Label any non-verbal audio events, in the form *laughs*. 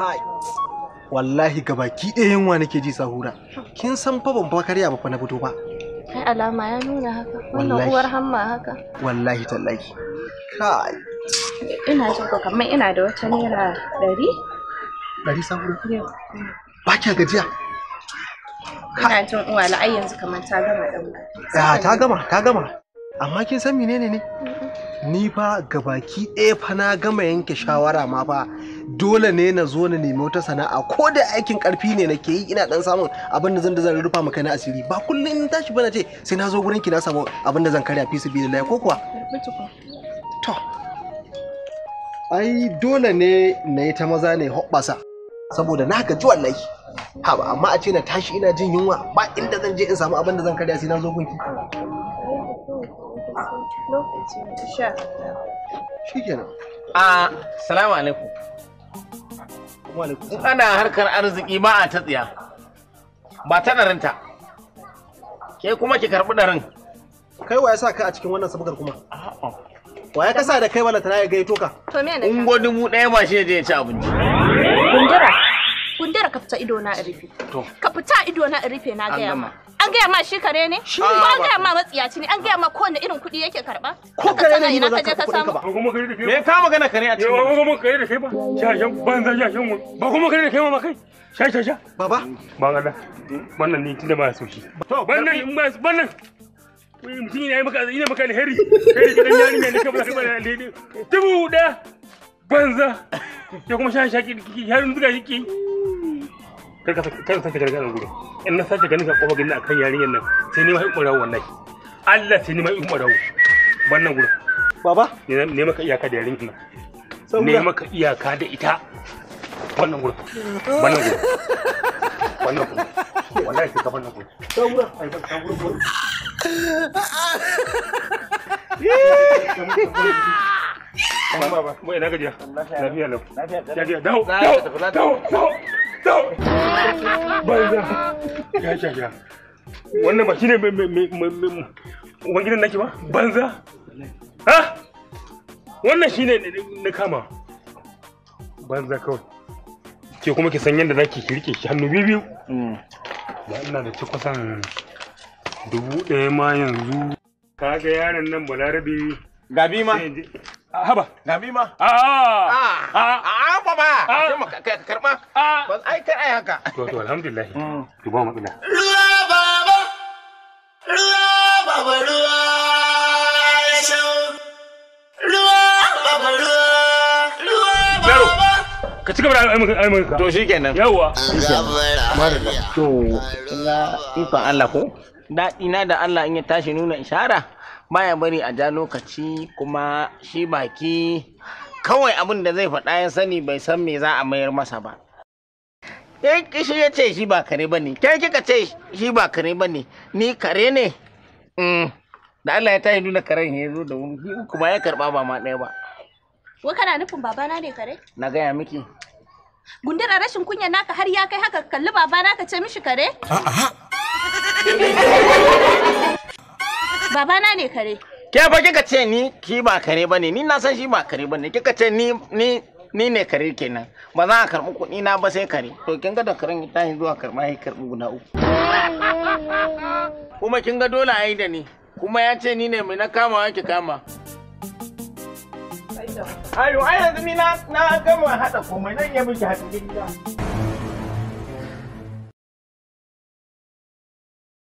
kai wallahi gabaki ɗaya yunwa nake ji sahura kin san fa ban fa karya ba fa na fito ba kai alama ya nuna haka wannan uwar hamma haka wallahi tallahi kai ina jin ko kamar ina da wata naira ɗari ɗari sahura ba kya gajiya ina jin uwa la'ai yanzu kamar ta gama ɗan ah, ta gama ta gama amma kin san menene ne hmm. ni fa gabaki ɗaya fa na gama yanke shawara ma fa dole ne na zo na nemi wata sana'a ko da aikin karfi ne na ke yi ina dan samun abin da zan da zan rufa maka na asiri ba kullum in tashi bana ce sai na zo gurin ki na samu abin da zan karya fi su biyu ko kuwa to ai dole ne na yi ta maza ne hoɓɓasa saboda na gaji wallahi ha amma a ce na tashi ina jin yunwa ba inda zan je in samu abin da zan karya sai na zo ki lokaci ne insha Allah shikenan a salamu alaikum in ana harkar arziki ba a tsiya ba ta ɗarinta ke kuma ki karɓi ɗarin kai wa ya sa ka a cikin wannan sabgar kuma wa ya kasa da kai wala tana ya gaito ka to me ne dubu ɗaya ba shi ya je ya ci abinci kundura ka fita ido na in rufe ka fita ido na in rufe na gaya ma an gaya ma shi kare ne ko an gaya ma matsiyaci ne an gaya ma ne irin kuɗi yake karɓa ko kare ne ina ka je ka samu me ka magana kare a cikin ba kuma kare da kai ba shashen banza shashen ba kuma kare da kai ma kai sha sha sha baba ga da wannan ni tunda ba so shi to wannan wannan mutum yi maka ina maka alheri kai gidan yarinya ne ka ba ka alheri dubu da banza ya kuma shan shaki yarin zuga shi ke kar ka sake jirgin a gurin in na sake ganin ka kofa gina akan yarinyar nan sai ni ma in ƙwararwa wallahi Allah sai ni ma in ƙwararwa wannan gurin baba ne maka iyaka da yarinyar nan ne maka iyaka da ita wannan gurin wannan gurin wannan gurin wallahi sai ka wannan gurin saura ai ba saura gurin *laughs* Baba, mai na gajiya. Lafiya lau. Lafiya lau. Dawo, banza ya sha sha wannan ba nake ba banza ha wannan na kama banza kawai ke kuma ki san yadda na ki rike shi hannu biyu mm. ba ina da ci kusan dubu ɗaya ma yanzu kaga yaron nan balarabe gabi ma haba namima a a a ba ba karma ba ai kar ai haka to to alhamdulillah to mm. ba matsala ruwa baba ruwa baba ruwa ruwa baba ruwa ruwa baba ka ci gaba da al'amuranka to shi kenan yawwa to na ikon Allah ko daɗi na da Allah in ya tashi nuna ishara baya bari a ja lokaci kuma shi baki kawai abin da zai faɗa ya sani bai san me za a mayar masa ba yanki shi ya ce shi ba kare ba ne kai kika ce shi ba kare ba ne ni kare ne mm. da Allah ya tayi nuna karen ya zo da wani kuma ya karba ba ma ɗaya ba wa kana nufin babana ne kare na gaya miki gundura rashin kunya naka har ya kai haka kalli babana ka ce mishi kare a'a *laughs* baba na ne kare ke fa kika ce ni ki ba kare bane ni na san shi ba kare bane kika ce ni ni ni ne kare kenan ba za a karɓi kuɗi na ba sai kare to kin ga da karen ta yi zuwa karɓa ya karɓi guda uku kuma kin ga dole a yi da ni kuma ya ce ni ne mai na kama ki kama ayo ai yanzu ni na gama haɗa komai nan ya miki haɗin gida